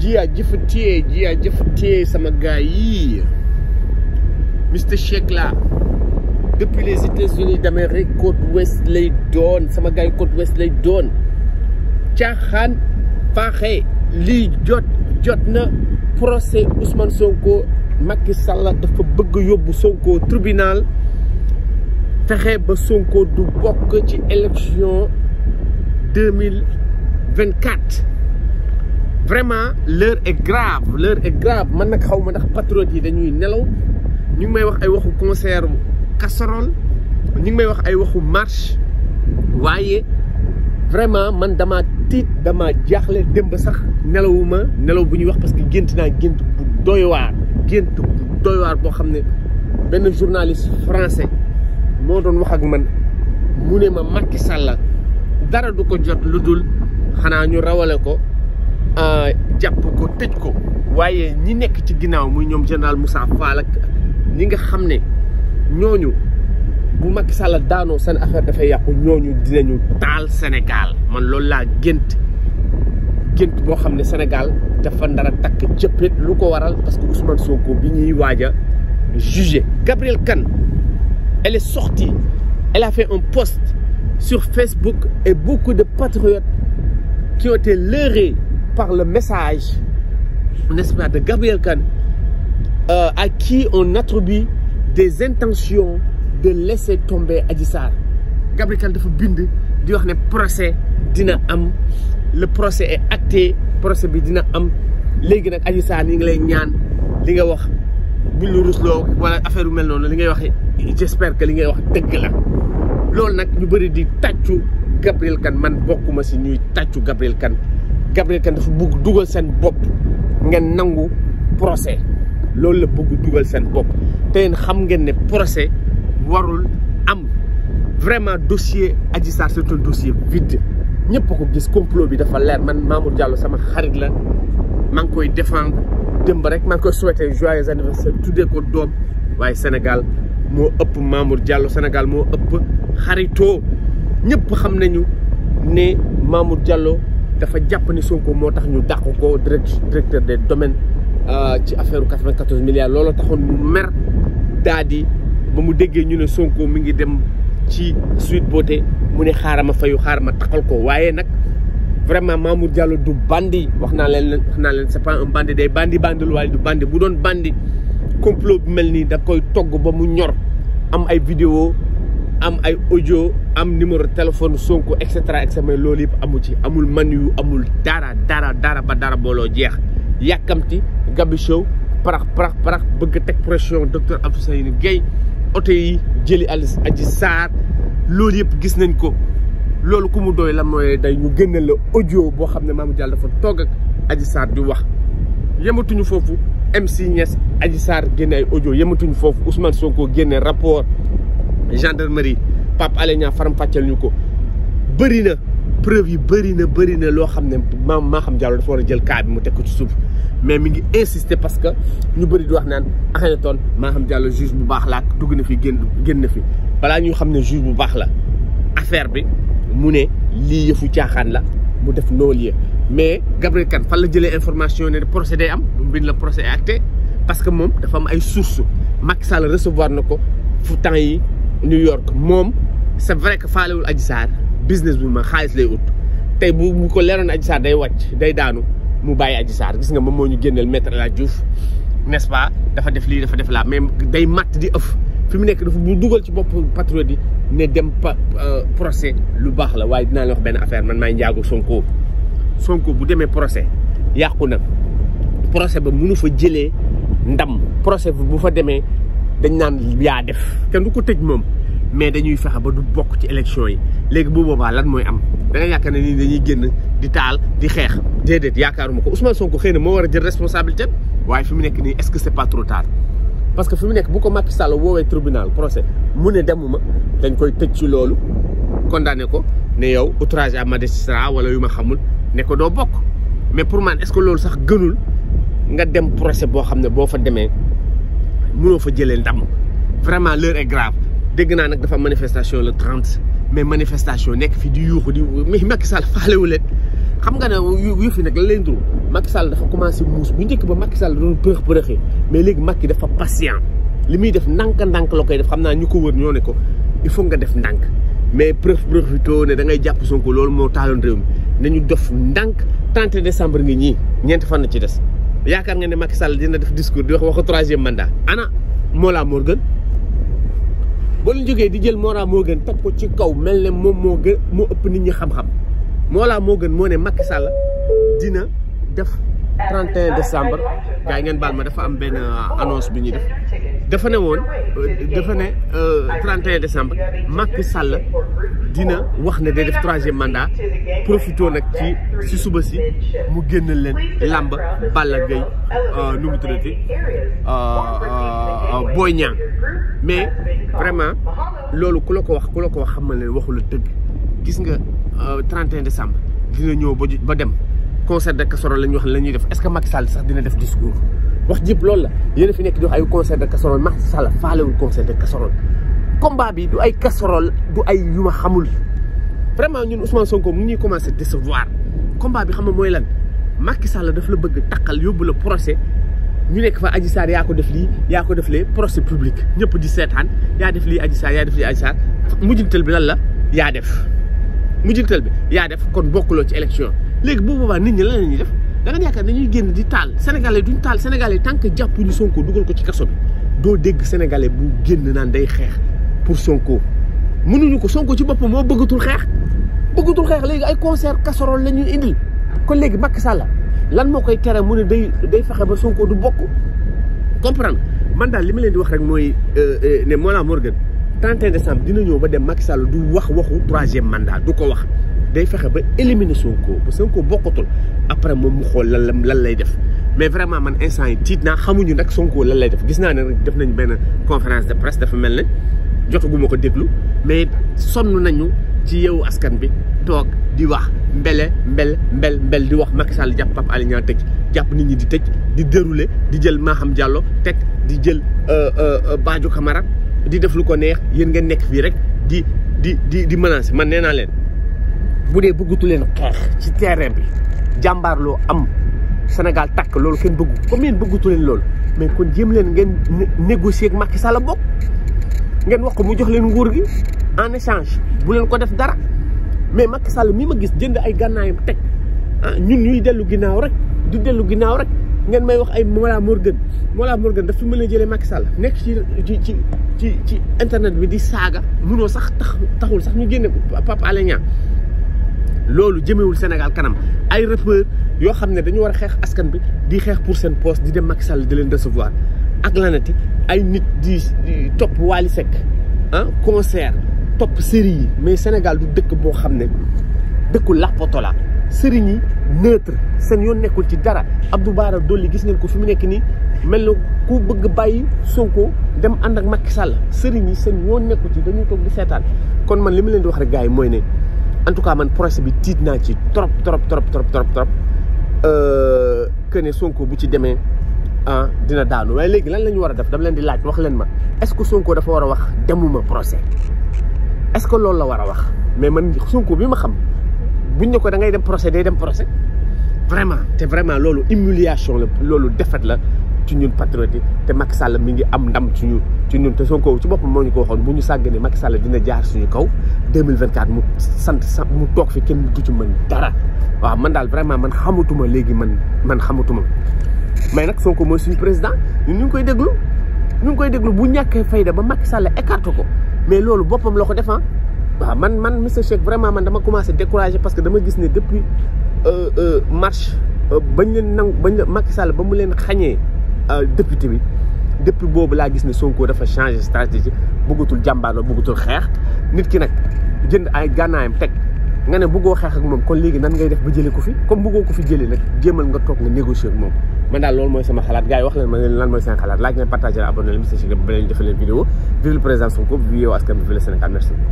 ji jiyaa jëfatee jiyaa jëfatee sama gars yii Mister Shake la depuis les États-Unis d'Amérique côte ouest lay doon sama gars yi côte lay doon caaxaan faaxe lii jot jot na procès Ousmane Sonko Macky Sall dafa bëgg yóbbu Sonko tribunal fexe ba Sonko du bokk ci élection deux mille vingt vraiment leur et grave leur et grave man nag xaw ma ndax patriotes yi dañuy nelaw ñu may wax ay waxu concert casserole ñu may wax ay waxu marche waaye vraiment man dama tiit dama jaaxle démb sax nelawuma nelaw bu ñuy wax parce que gént naa gént bu doy waar gént bu doy boo xam ne benn journaliste français moo doon wax ak man mu ne ma Macky Sall dara du ko jot lu dul xanaa ñu rawale ko Euh, jàpp ko tëj ko waaye ñi nekk ci ginnaaw muy général Moussa Fall ak ñi nga xam ne ñooñu bu Macky Sall daanoo seen affaire dafay yàqu ñooñu dinañu Sénégal man lola laa gént gént boo Sénégal dafa ndara takk jëppit lu waral parce que Ousmane Sonko bi ñuy jugé Kane elle est sortie elle a fait un post sur Facebook et beaucoup de patriotes qui ont été lésés par le message, n'est-ce de Gabriel Khan euh, à qui on attribue des intentions de laisser tomber Adissar. Gabriel Kahn dafa bind di wax le procès dina am le procès est acté procès bi am Adissar ngi lay ñaan li nga wax j'espère que li ngay wax c'est di Gabriel man Gabriel Gabriel Kane dafa bugg dugal seen bopp ngeen nangu procès la procès warul am vraiment dossier Adji Sarr c'est un dossier vide ñëpp ko gis complot bi dafa leer man Mamour Diallo sama xarit la maa koy défendre démb rek maa koy joyeux anniversaire tuddee Sénégal moo ëpp Mamour Diallo Sénégal moo ëpp xaritoo xam nañu ne Mamour Diallo dafa jàpp ni Sonko moo tax ñu dàq ko directeur des domaines euh, ci affaire u 94 milliards looloo taxoon mu mer daa di ba mu déggee ñu ne Sonko mi ngi dem ci Sweet Beauté mu ne xaaral ma fayu xaaral ma taxal ko waaye nag vraiment Mamour Diallo du bandi wax naa leen wax naa leen c'est pas un bandi day bandi bandi waaye du bandi bu doon bandi complot bu mel nii da koy togg ba mu ñor am ay vidéo am ay audio am numéro téléphone Sonko et cetera et loolu yëpp amu ci amul man yu amul dara dara dara ba dara booloo jeex yàkkamti gabi show parax parax parax bëgg teg pression docteur Alfouseyni Gaye oto yi jëli al aji saar loolu yëpp gis nañ ko loolu ku mu doy la mooy day ñu génneel la audio boo xam ne Mamour jàll dafa toog ak aji saar di wax yëmatuñu foofu MC Niass aji saar génne ay audio yematuñu foofu Ousmane Sonko génne rapport gendarmerie pap Alé Niang faram fàcceel ñu ko bëri na preuve yi bëri na bëri na loo xam ne maam maa xam Diallo dafa war a jël cas bi mu teg ko ci suuf mais mi ngi insister parce que ñu bëri di wax naan Akhenaton maa xam Diallo juge bu baax la ak dugg na fi génn génn na fi balaa ñu xam ne juge bu baax la affaire bi mu ne lii yëfu caaxaan la mu def non-lieu mais Gabriel Kane fan la jëlee information ne procès day am bu mu bind la procès acté parce que moom dafa am ay sources Macky Sall recevoir na ko fu temps yi New York moom c'est vrai que faalewul Adji Sarr business bi ma xaalis lay ut tey bu bu ko leeroon Adji Sarr day wàcc day daanu mu bàyyi Adji Sarr gis nga moom moo ñu génneel maître El Hadj Diouf n'est-ce dafa def lii dafa def laa mais day matt di ëf fi mu nekk dafa bu dugal ci bopp patriote yi ne dem pa euh, procès lu baax la waaye dinaa la wax benn affaire man may njaago Sonko Sonko bu demee procès yàqu na procès ba mënu fa jëlee ndam procès bu fa demee dañ naan yaa def kenn du ko tëj moom mais dañuy fexe ba du bokk ci élection yi léegi bu boobaa lan mooy am da nga yaakaar ne nii dañuy génn di taal di xeex déedéet yaakaaruma ko Ousmane ko xëy ne moo war a jël responsabilité waaye fi mu nekk nii est-ce que c'est pas trop tard parce que fi mu nekk bu ko Macky Sall woowee tribunal procès mu ne demuma dañ koy tëj ci loolu condamné ko ne yow outrage à magistrat wala yu ma xamul ne ko doo bokk mais pour man est-ce que loolu sax gënul nga dem procès boo xam ne boo fa demee mënoo fa jëlee ndam vraiment l'heure est grave dégg naa nag dafa manifestation la 30 mais manifestation nekk fi di yuuxu di mais Macky Sall wu leen xam nga ne yu fi nag la leen dul Macky Sall dafa commencé muus bu njëkk ba Macky Sall doon përëx përëxee mais léegi Macky dafa patient li muy def ndànk-ndànk la koy def xam naa ñu ko wër ñoo ne ko i faut nga def ndànk mais preuve profito ne da ngay jàpp Sonko loolu moo taaloon réew mi nañu def ndànk 30 décembre ngi ñii ñeenti fan na ci des yaakaar nga ne Macky Sall dina def discours di wax waxu 3e mandat ana mola mo gën bo lu joggé di jël mola mo gën tap ko ci kaw melne mom mo gën mo ëpp nit ñi xam xam mola mo gën mo ne Macky Sall dina def 31 décembre gaay ngeen bal ma dafa am ben euh, annonce bi ñi def dafa ne woon euh, dafa ne 31 euh, décembre Macky Sall dina wax ne day def troisième mandat profito nak ci si suba ci mu génn len làmb Balla Gaye euh, nu mu tuddati Boy mais vraiment lolu kou lako wax kou lako wax xamal waxu la dëgg gis nga 31 décembre dina ñëw ba ba dem concert de casserole la ñuy wax la ñuy def est-ce que Macky Sall sax dina def discours wax jëpp loolu la a fi nekk di wax ay concert de casserole Macky Sall faalewul concert de casserole combat bi du ay casserole ay yu ma xamul vraiment ñun Ousmane Sonko mu ngi commencé décevoir combat bi xam nga mooy lan Macky Sall daf la bëgg taqal yóbbu la procès ñu nekk fa Adji yaa ko def lii yaa ko def lee procès public ñëpp di seetaan yaa def lii Adji Sarr yaa def lii Adji Sarr mujjantal bi lan la yaa def mujjantal bi yaa def kon bokkuloo ci élection léegi bu boobaa nit ñi lan la ñuy def da nga yaakaar dañuy génn di taal sénégalais duñ taal sénégalais tant que jàppuñu Sonko dugal ko ci kaso bi doo dégg sénégalais bu génn naan day xeex pour Sonko mënuñu ko Sonko ci boppam moo bëggatul xeex bëggatul xeex léegi ay concert casserole la ñuy indil kon léegi Macky Sall lan moo koy kere mu ne day day fexe ba sonkoo du bokk comprendre man daal li ma leen di wax rek mooy euh, euh, ne Mollah Morgun 31 décembre dina ñëw ba dem Macky Sall du wax waxu troisième mandat du ko wax. day fexe ba éliminer Sonko ba Sonko bokkatul après moom mu xool lan la lan lay def mais vraiment man instant yi tiit naa xamuñu nag Sonko lan lay def gis naa ne def nañu benn conférence de presse dafa mel ne jotaguma ko déglu mais sonn nañu ci yeewu askan bi toog di wax mbele mbel mbel mbel di wax Macky Sall jàpp Pape Alé Niang tëj jàpp nit ñi di tëj di dérouler di jël Maham Diallo teg di jël euh, euh, euh, Badio Camara di def lu ko neex yéen ngeen nekk fii rek di di di di menacer man nee naa leen. bu dee bëgg leen xeex ci terrain bi jàmbaar loo am sénégal takk loolu kenn bëggu comme yéen bëggatu leen loolu mais kon jéem leen ngeen négocier ak Macky Sall lah, bokk ngeen wax ko mu jox leen nguur gi en échange bu leen ko def dara mais Macky Sall mi ma gis jënd ay gànnaayam teg ñun ah, ñuy dellu ginnaaw rek du dellu ginnaaw rek ngeen may wax ay Mola Morgan Mola Morgan daf fi mën a jëlee Macky Sall nekk ci ci ci ci ci internet bi di saaga munoo sax tax taxul sax ñu génne ko papa Alain Niang loolu jëmewul Sénégal kanam ay rappeur yoo xam ne dañu war a xeex askan bi di xeex pour seen poste di dem Macky sàll di leen recevoir ak lanati ay nit di topp Wally Seck ah concert topp série yi mais Sénégal du dëkk boo xam ne dëkkul làppoto la sëriñ yi neutre seen yoon nekkul ci dara Abdou Bara Dolly gis ngeen ko fi mu nekk nii mel na ku bëgg bàyyi Sonko dem ànd ak Macky Sall sëriñ yi seen yoon nekkul ci dañuy toog di seetaan kon man li ma leen di wax rek gars yi mooy ne en tout cas man procès bi tiit naa ci trop trop trop trop trop trop euh, que ne Sonko bu ci demee ah dina daanu waaye léegi lan la ñu war a def dama leen di laaj wax leen ma est-ce que Sonko dafa war a wax demuma procès est-ce que loolu la war a wax mais man Sonko bi ma xam bu buñ ne ko da ngay dem procès day dem procès vraiment te vraiment loolu humiliation la loolu defet la ci ñun patriote yi te Macky Sall mi ngi am ndam ci ñu ci ñun te Sonko ci boppam moo ñu ko waxoon bu ñu sàgganee Macky Sall dina jaar suñu kaw 2024 mu sant sant mu toog fi kenn du ci mën dara waaw man daal vraiment man xamatuma léegi man man xamatuma mais nag ko mooy suñu président ñun ñu ngi koy déglu ñu ngi koy déglu bu ñàkkee fayda ba Macky Sall écarte ko mais loolu boppam la ko def ah. waaw man man monsieur Cheikh vraiment man dama commencé découragé parce que dama gis ne depuis euh, euh, marche euh, bañ leen nangu bañ la Macky ba mu leen xañee Euh, député bi depuis boobu laa gis ne Sonko dafa changé stratégie bëggatul jàmbaarloo bëggatul xeex nit ki nag jënd ay gànnaayam teg nga ne bëggoo xeex ak moom kon léegi nan ngay def ba jëlee ko fi comme bëggoo ko fi jëlee nag jéemal nga toog nga négocier ak moom man daal loolu mooy sama xalaat gars yi wax leen ma lan mooy seen xalaat laaj leen partagé la abonné leen message ba leen defal leen vidéo vive le président Sonko vive Yewwi Askan merci